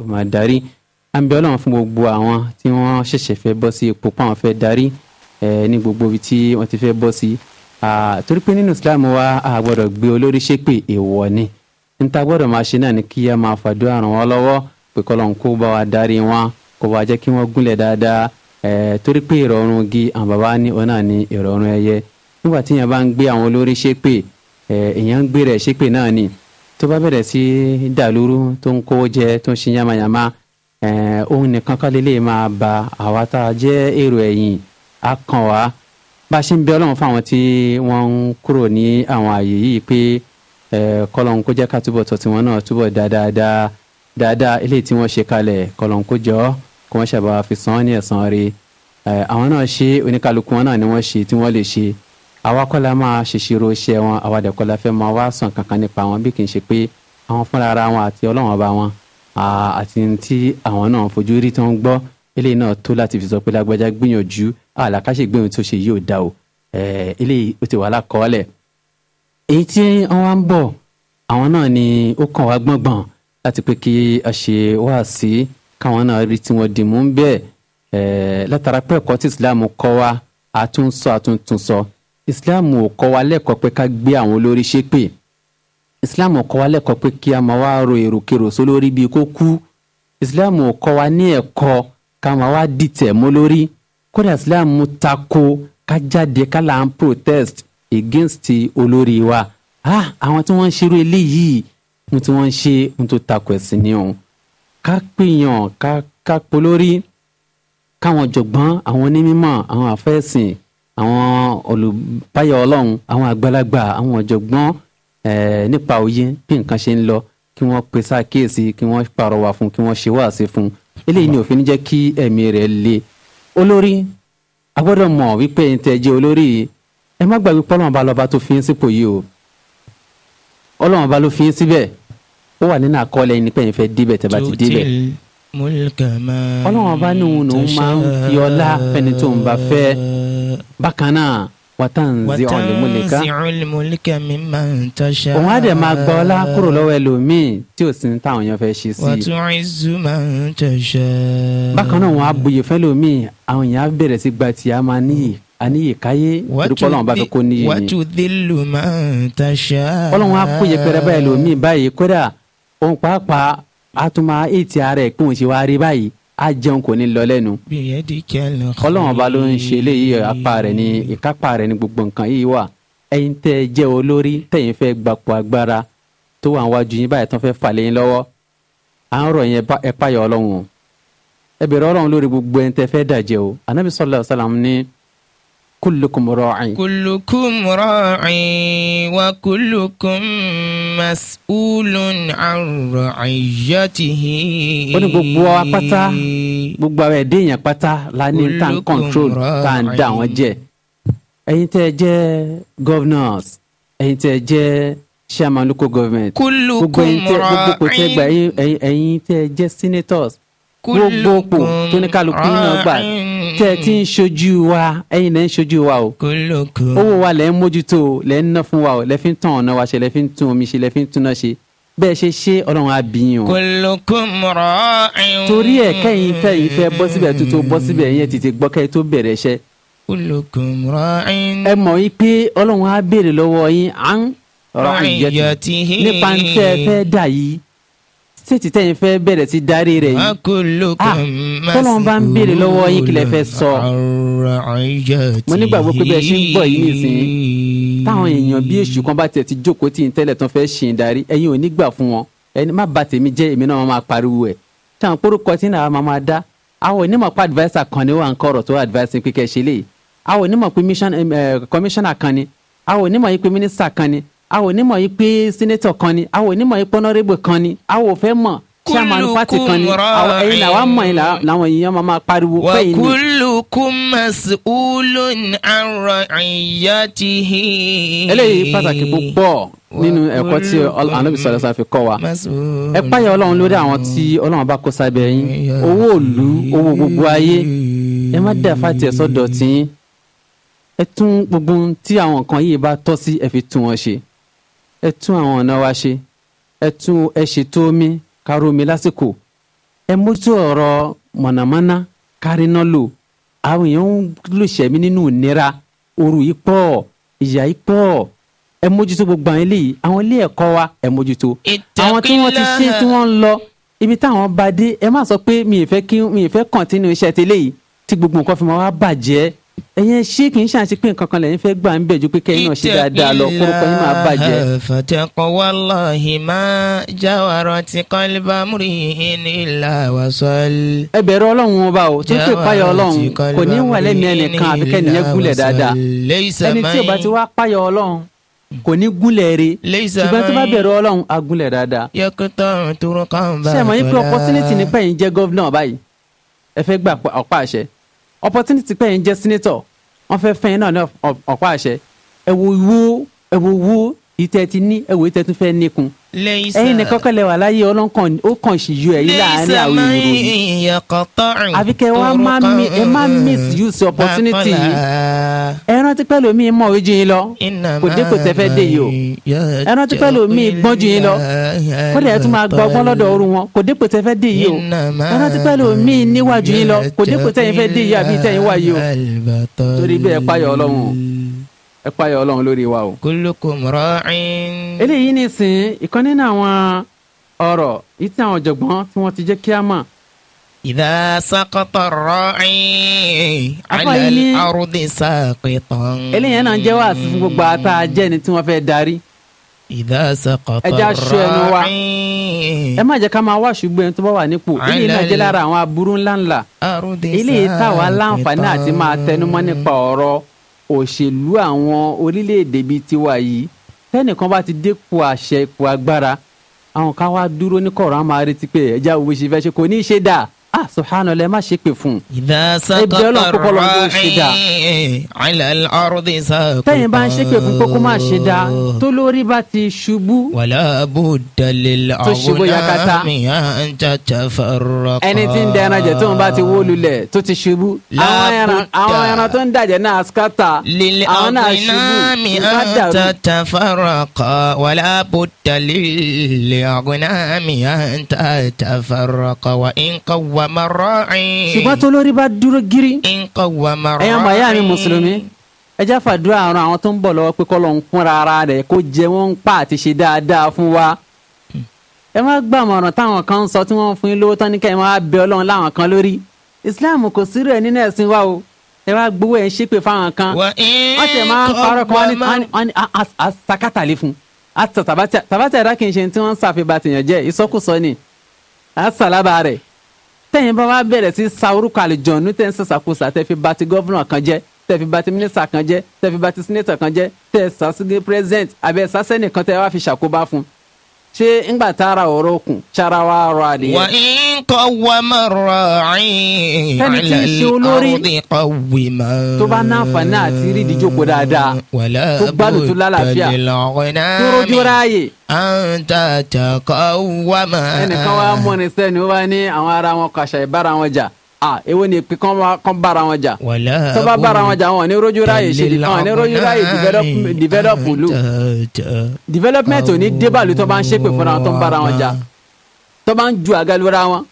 ó máa darí àǹbẹ̀ ọlọ́run fún gbogbo àwọn tí wọ́n ṣẹ̀ṣẹ̀ fẹ́ bọ́ sí ipò pàwọn fẹ́ darí ní gbogbo ibi tí wọ́n ti fẹ́ bọ́ sí torí pé nínú Islam wa a gbọ́dọ̀ gbé olórí ṣépè èèwọ̀ ni níta gbọ́dọ̀ máa ṣe náà ni kí a máa fàdúrà ràn wọ́n lọ́wọ́ pé kọ́lọ́n kó bá wa darí wọn kó bá jẹ́ kí wọ́n gúnlẹ̀ dáadáa torí pé ìrọ̀rùn gi àwọn bàbá ní ọ̀nà ní ìrọ̀rùn ẹyẹ nígbà tí èèyàn bá ń gbé àwọn olórí ṣépè èèyàn ń gbé rẹ̀ ṣépè náà ni tó bá bẹ̀rẹ̀ sí dàlúrú tó ń kówó jẹ tó ń ṣe yamayama ohun eh, nìkan kan lélẹ̀ máa ba àwa tá a jẹ́ èrò ẹ̀yìn á kàn wá bá a ṣe ń bẹ ọlọ́run fáwọn tí wọ́n ń kúrò ní àwọn àyè yìí pé eh, kọ́lọ́n kó jẹ́ ká túbọ̀ tọ̀ tiwọn náà túbọ̀ dáadáa dáadáa eléyìí tí wọ́n ṣe kalẹ̀ kọ́lọ́n kó jọ kó wọ́n ṣàbà fi san án ní ẹ̀san rẹ̀ eh, àwọn náà ṣe oníkálukú wọn náà ni wọ́n ṣe tí wọ́n lè ṣe àwa kọ́ la máa ṣèṣirò iṣẹ́ wọn àwa dẹ̀ kọ́ la fẹ́ máa wá sàn kankan nípa wọn bí kì í ṣe pé àwọn fúnra ara wọn àti ọlọ́wọ́n bá wọn àti tí àwọn náà fojú rí tó ń gbọ́ eléyìí náà tó láti fi sọ pé lágbájá gbìyànjú àlàkàṣe gbìyànjú tó ṣe yìí ò o eléyìí ó ti wà lákọọ́lẹ̀ èyí tí wọ́n wá ń bọ̀ àwọn náà ni ó kàn wá gbọ̀ngbọ̀n láti pé kí a ṣe wá sí káwọn náà rí tí wọ́n dì mú bẹ́ẹ̀ látara pé tí Islam kọ́ wa àtúnsọ àtúntúnsọ Islamu ò kọ́ wa lẹ́kọ̀ọ́ pé ká gbé àwọn olórí ṣépè islam ò kọ́ wa lẹ́kọ̀ọ́ pé kí a máa wá ro èròkèrò sólórí bíi kó kú islam ò kọ́ wa ní ẹ̀kọ́ ká máa wá dìtẹ̀ mọ́ lórí kódà islam tako ká jáde ká là ń protest against olórí wa ah àwọn tí wọ́n ń ṣerú eléyìí ní tí wọ́n ń ṣe ní tó tako ẹ̀sìn ni o ká pèèyàn ká ká polórí káwọn jọ̀gbọ́n àwọn onímọ̀ àwọn àfẹ́sìn àwọn olùbáyọ̀ ọlọ́run àwọn àgbàlagbà àwọn ọ̀jọ̀gbọ́n nípa òye bí nǹkan ṣe ń lọ kí wọ́n pe sákèésí kí wọ́n pàrọwà fún kí wọ́n ṣe wáàsí fún eléyìí ni òfin jẹ́ kí ẹ̀mí rẹ̀ le olórí a gbọ́dọ̀ mọ̀ wípé ẹ̀yin tẹ́ jẹ́ olórí ẹ má gbàgbé pé ọlọ́run bá lọ́ba tó fi yín sípò yìí o ọlọ́run bá ló fi yín síbẹ̀ ó wà nínú àkọọ́lẹ̀ yín nípa ẹ̀yin fẹ́ débẹ̀ tẹ́ bá ti débẹ̀ ọlọ́run bá ní òun lòún máa ń fi ọlá fẹ́ni tó ń bá fẹ́ bákan náà wàtánzíọ̀lì múlíkà mimman tasha. òun á dẹ̀ máa gba ọlá kúrò lọ́wọ́ ẹlòmíì tí ò sí ní táwọn èèyàn fẹ́ ṣe sí i. wàtúnrìnzù man tasha. bákan náà wọn á buyè fẹ́lòmíì àwọn èèyàn á bẹ̀rẹ̀ sí gba tí a máa níyì àníyè káyé torípọ́ lọ́wọ́n bá fẹ́ kó níyì ni. wàtúndínlù man tasha. ọlọ́run á kó yẹpẹrẹ báyìí lòmíì báyìí kódà òun pàápàá á tún máa ètì ara ẹ̀ pé òun ṣe wá rí báyìí a jẹun kò ní lọ lẹ́nu. ọlọ́run ba ló ń ṣe eléyìí apá rẹ̀ ní ìkápá rẹ̀ ní gbogbo nǹkan yìí wà ẹ̀yin tẹ́ ẹ jẹ́ olórí tẹ̀yin fẹ́ gbapò agbára tó wà wájú yín báyìí tán fẹ́ fà lẹ́yìn lọ́wọ́ à ń rọ̀ yẹn ẹ páyọ̀ ọlọ́run ẹ bẹ̀rẹ̀ ọlọ́run lórí gbogbo ẹni tẹ́ fẹ́ dàjẹ́ o ànábì sallallahu alaihi wasallam كلكم راع كلكم راع وكلكم مسؤول عن رعيته ó ní gbogbo wa pátá gbogbo àwọn ẹ̀dá èèyàn pátá la ní ta ń control ta ń dá wọn jẹ ẹ̀yin tẹ́ ẹ jẹ́ governors ẹ̀yin tẹ́ ẹ jẹ́ chairman local government gbogbo ẹ̀yin tẹ́ gbogbo kò tẹ́ gbà ẹ̀yin tẹ́ ẹ jẹ́ senators gbogbo pò tó ní kálukú náà gbà tẹ́ ẹ ti ń ṣojú wa ẹ̀yin lẹ́ ń ṣojú wa o owó wa lẹ́ ń mójútó o lẹ́ ń ná fún wa o lẹ́ fi ń tàn ọ̀nà wa ṣe lẹ́ fi ń tún omi ṣe lẹ́ fi ń túná ṣe bẹ́ẹ̀ ṣe ṣe ọlọ́run abiyan. kullukum ra'in. torí ẹ kẹ́yìn fẹ́ yìí fẹ́ bọ́ síbẹ̀ tó bọ́ síbẹ̀ yẹn tètè gbọ́ kẹ́yìn tó bẹ̀rẹ̀ ṣẹ́. kullukum ra'in. ẹ mọ̀ yín pé ọlọ́run á béèrè lọ́wọ́ yín à ń ra'iyatihi nípa ń tẹ́ ẹ fẹ́ dà yìí stéètì tẹ̀yìn fẹ́ bẹ̀rẹ̀ sí darí rẹ̀ yìí ah, tọ́lọ́ bá ń béèrè lọ́wọ́ yín kílẹ̀ fẹ́ sọ mo nígbàgbọ́ pé bẹ́ẹ̀ ṣe ń bọ̀ yìí nìsín táwọn èèyàn bí èṣù kan bá tiẹ̀ ti jókòó tí ń tẹ́lẹ̀ tán fẹ́ ṣì darí ẹ̀yin ò ní gbà fún wọn ẹni má bà tèmi jẹ́ èmi náà máa pariwo ẹ̀ táwọn kórúkọ tí náà máa dá àwọn onímọ̀ pé adviser kan ni wà ń kọ̀rọ̀ tó advice pé kẹ́ ṣe léyìí àwọn onímọ̀ pé eh, commissioner kan ni àwọn onímọ̀ yìí pé minister kan ni a ò ní mọ̀ yìí pé sínétọ̀ kan ni a ò ní mọ̀ yìí pé ọ̀nàrẹ́bù kan ni a ò fẹ́ mọ̀ sàmánù pati kan ni àwọn ẹyin la wa mọ ẹyin la làwọn máa pariwo pé yìí ni. wakulukum mas'ulun an ra'iyatihi. eléyìí pàtàkì púpọ̀ nínú ẹ̀kọ́ tí anabi sọ̀rọ̀ sá fi kọ́ wa ẹ páyà ọlọ́run lórí àwọn tí ọlọ́run bá kó sábẹ́ yín owó òlu owó gbogbo ayé ẹ má dá fàtì ẹ̀sọ́ dọ̀tí ẹ tún gbogbo tí àwọn nǹkan yìí bá tọ́ sí ẹ fi tún wọn ṣe ẹ tún àwọn ọ̀nà wa ṣe ẹ tún ẹ ṣètò omi kárò omi lásìkò ẹ mójútó ọ̀rọ̀ mọ̀nàmọ́ná káríná lò àwọn èèyàn ń lò ṣẹ̀mí nínú ìnira òru yìí pọ̀ ìyà yìí pọ̀ ẹ mójútó gbogbo àwọn eléyìí àwọn ilé ẹ̀kọ́ wa ẹ mójútó àwọn tí wọ́n ti ṣe tí wọ́n ń lọ ibi táwọn bá dé ẹ má sọ pé mi ì fẹ́ kàn tí iṣẹ́ tẹ́lẹ̀ yìí tí gbogbo nǹkan fi máa wá bàjẹ́ ẹ̀yin ṣé kì í ṣàǹṣe pé nǹkan kan lẹ́yìn fẹ́ gbà ń bẹ̀ ju pé kẹ́yìn náà ṣe dáadáa lọ kórópọ̀ yín máa bàjẹ́. fàtẹ́kùn wallahi máa jáwàrọ̀ ti kọ́líbà múrí ìnílà wàsọ́l. ẹ bẹ̀rù ọlọ́run ọba o tó fẹ́ páyọ ọlọ́run kò ní wà lẹ́mìí ẹnìkan àfikẹ́ nìyẹn gúnlẹ̀ dáadáa ẹni tí ò bá ti wá páyọ ọlọ́run kò ní gúnlẹ̀ re ṣùgbọ́n tó bá bẹ̀rù ọlọ́run á gúnlẹ̀ dáadáa. ṣé ẹ mọ̀ yín pé opportunity nípa yìí jẹ́ gọ́vnà báyìí ẹ fẹ́ gbà ọ̀pá àṣẹ opportunity pé ẹ̀ ń jẹ́ senator wọ́n fẹ́ fẹ́ yín náà ní ọ̀pá àṣẹ ẹ wo wo ẹ ìtẹ́ ti ní ẹ̀wò ìtẹ́ tún fẹ́ níkun. ẹ̀yin nìkan kọ́ lẹ́wà láyé ọlọ́kàn ó kàn sí yọ ẹ̀yin láàárín àwọn ìròyìn. àfi kẹ́ wá má miss opportunity yìí. ẹ rántí pẹ́ lómi mọ̀ ojú yín lọ kò dé kò tẹ́fẹ́ dé yìí o. ẹ rántí pẹ́ lómi gbọ́n ju yín lọ kó lè tún máa gbọ́ ọgbọ́n lọ́dọ̀ ọrùn wọn kò dé kò tẹ́fẹ́ dé yìí o. ẹ rántí pẹ́ lómi níwájú yín lọ kò dé kò tẹ́yìn fẹ́ dé yìí àbí tẹ́yìn wá yìí o. torí bẹ́ẹ̀ payọ̀ ọlọ́run o ẹ páyọ ọlọ́run lórí wa o. kullukum ra'in. eléyìí ní sìn ìkan nínú àwọn ọ̀rọ̀ yìí tí àwọn ọ̀jọ̀gbọ́n tí wọ́n ti jẹ́ kí á mọ̀. ìdá saqata ra'in. ala al-ardi saqitan. eléyìí náà ń jẹ́ wá sí fún gbogbo ata jẹ́ni tí wọ́n fẹ́ darí. ìdá saqata ra'in. ẹja aṣọ ẹnu wa ẹ má jẹ́ ká máa wá ṣùgbọ́n ẹni tó bá wà nípò eléyìí náà jẹ́ lára òṣèlú àwọn orílẹ̀-èdè bíi tiwa yìí tẹ́nìkan bá ti dẹ́kun àṣẹ ipò agbára àwọn ká wá dúró ní kọ̀ọ̀rọ̀ á máa retí pé ẹ̀já òwe ṣe fẹ́ ṣe kò ní í ṣe dáa سبحان الله ما شيك بفون إذا إيه، سقط الرعي على الأرض سقط تاين طيب، بان شيك بفون كوكو ما شدا تلو رباتي شبو ولا بد للأولام أن تتفرق anything دي أنا جاتون باتي وولو لي توتي شبو لا أنا أنا تون داجة ولا بد للأولام أن تتفرق وإن قوما ra'in. ṣùgbọ́n tó lórí bá dúró gírí. in qawwama ra'in. ẹ̀yàn bàyá mi mùsùlùmí ẹ jẹ́ fàdúrà àrùn àwọn tó ń bọ̀ lọ́wọ́ pé kọ́ ń kún rárá rẹ̀ kó jẹ wọ́n ń pa àti ṣe dáadáa fún wa. ẹ má gbàmọ̀ràn táwọn kan ń sọ tí wọ́n fún yín lówó tán ní kẹ́hìn wá bẹ ọlọ́run láwọn kan lórí islam kò sí rẹ̀ nínú ẹ̀sìn wa o ẹ wá gbowó ẹ̀ ń ṣépè fáwọn kan wọ́n tẹ̀ máa ń parọ́ kan tẹ́yìn bá wá bẹ̀rẹ̀ sí sa orúkọ àlùjọ̀nù tẹ́ ń sàṣàkóso àtẹ́fi bá ti gọ́vnà kan jẹ́ tẹ́fi bá ti mínísítà kan jẹ́ tẹ́fi bá ti sínétọ̀ kan jẹ́ tẹ́ sàṣígé pírẹ́sẹ̀ǹt àbẹ́ sásẹ́nì kan tẹ́ wá fi ṣàkóbá fún ṣé ńgbà tára ọ̀rọ̀ kùn ṣara wa rọ adìyẹ. wà á kọ́ wa ma rọ àyìn àlàlẹ́ kọ́wé ma. tó bá náfààní àti rí ìdíjókòó dáadáa tó gbádùn tó lálàáfíà tó rojú ráàyè. àǹtà tàkọ́ wa ma. ẹnìkan wa mọ̀ ní sẹ́ni ó wá ní àwọn ará wọn kàṣà ìbára wọn jà ah èwo ni pé kán bára wọn jà tó bá bára wọn jà wọn ní rojú ráyè ṣe wọn ní rojú ráyè develop lu development ò ní débàlú tó bá ń ṣépè fúnra wọn tó ń bára wọn jà tó bá ń ju àgàlúra wọn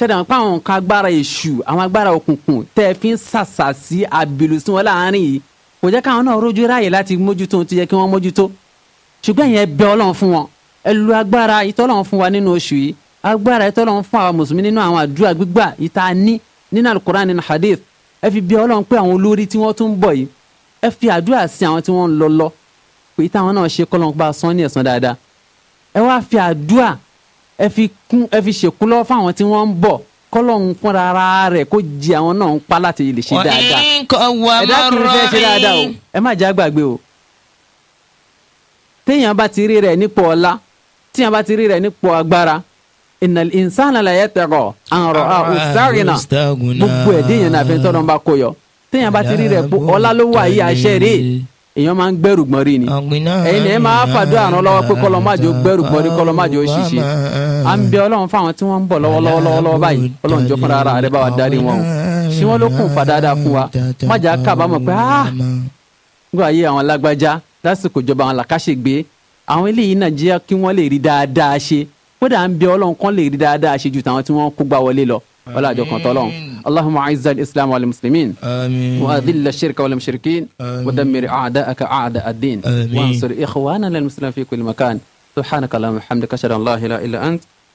ṣẹ̀dá pa àwọn nǹkan agbára èṣù àwọn agbára òkùnkùn tẹ́ ẹ fi ń ṣàṣà sí àbèlù sí wọn láàárín yìí kò jẹ́ káwọn náà rojú ráyè láti mójútó tó yẹ kí wọ́n mójútó ṣùgbọ́n ìyẹn bẹ Ọlọ́run fún wọn ẹ lu agbára ìtọ́lọ́run fún wa nínú oṣù yìí agbára ìtọ́lọ́run fún àwọn mùsùlùmí nínú àwọn àdúrà gbígbà ìta ní nínú alukur'an nínú hadith ẹ fi bí ọlọ́run pé àwọn olórí tí wọ́n tún ń bọ̀ yìí ẹ fi àdúrà sí àwọn tí wọ́n ń lọ lọ pé táwọn náà ṣe kọ́ lọ́nkọ́ bá sán ní ẹ̀sán dáadáa ẹ wá fi àdúrà ẹ fi kún ẹ fi ṣèkúnlọ́ fáwọn tí wọ́n ń bọ̀ kọ́lọ́hún fúnra ara rẹ̀ kó jí àwọn náà ń pa láti lè ṣe dáadáa ẹ dákùnrin fẹ́ ṣe dáadáa o ẹ má já gbàgbé o téèyàn bá ti rí rẹ̀ nípò ọlá téèyàn Ina insana la yatgha an ra'ahu istaghna gbogbo ẹ̀dín yẹn nàfẹ́ tọ́lọ́ ń bá kó yọ téèyàn bá ti rí rẹ̀ pé ọlá ló wà yí àṣẹ rí èèyàn máa ń gbẹrù gbọ́n rí ni ẹ̀yin ni ẹ máa fàdúrà àrùn lọ́wọ́ pé kọlọ́májò gbẹrù gbọ́n rí kọlọ́májò ṣìṣe à ń bẹ ọlọ́run fáwọn tí wọ́n ń bọ̀ lọ́wọ́lọ́wọ́ báyìí ọlọ́run jọ fúnra ara rẹ bá wa darí wọn o ṣé wọ́n ló kún fa fún wa májà kábàámọ̀ pé ah nígbà ayé àwọn lágbájá lásìkò ìjọba àwọn làkàṣègbè àwọn eléyìí nàìjíríà kí wọ́n lè rí dáadáa ṣe kódà à ń bẹ ọlọ́run kán lè rí dáadáa ṣe ju tàwọn tí wọ́n kó gbà wọlé lọ ولا جو كنترولهم اللهم اعز الاسلام والمسلمين امين واذل الشرك والمشركين آمين. ودمر اعداءك اعداء الدين آمين. وانصر اخواننا المسلمين في كل مكان سبحانك اللهم وبحمدك اشهد ان لا اله الا انت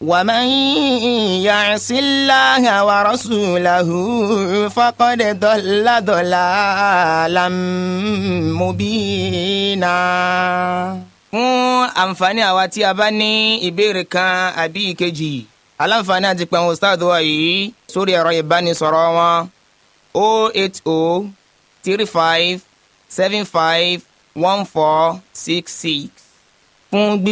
ومن يعص الله ورسوله فقد ضل ضلالا مبينا fún àǹfààní àwa tí a bá ní ìbéèrè kan àbí ìkejì aláǹfààní àti pẹ̀hún ustaadu wa yìí sórí ẹ̀rọ ìbánisọ̀rọ̀ wọn o oh oh fún gbígbé.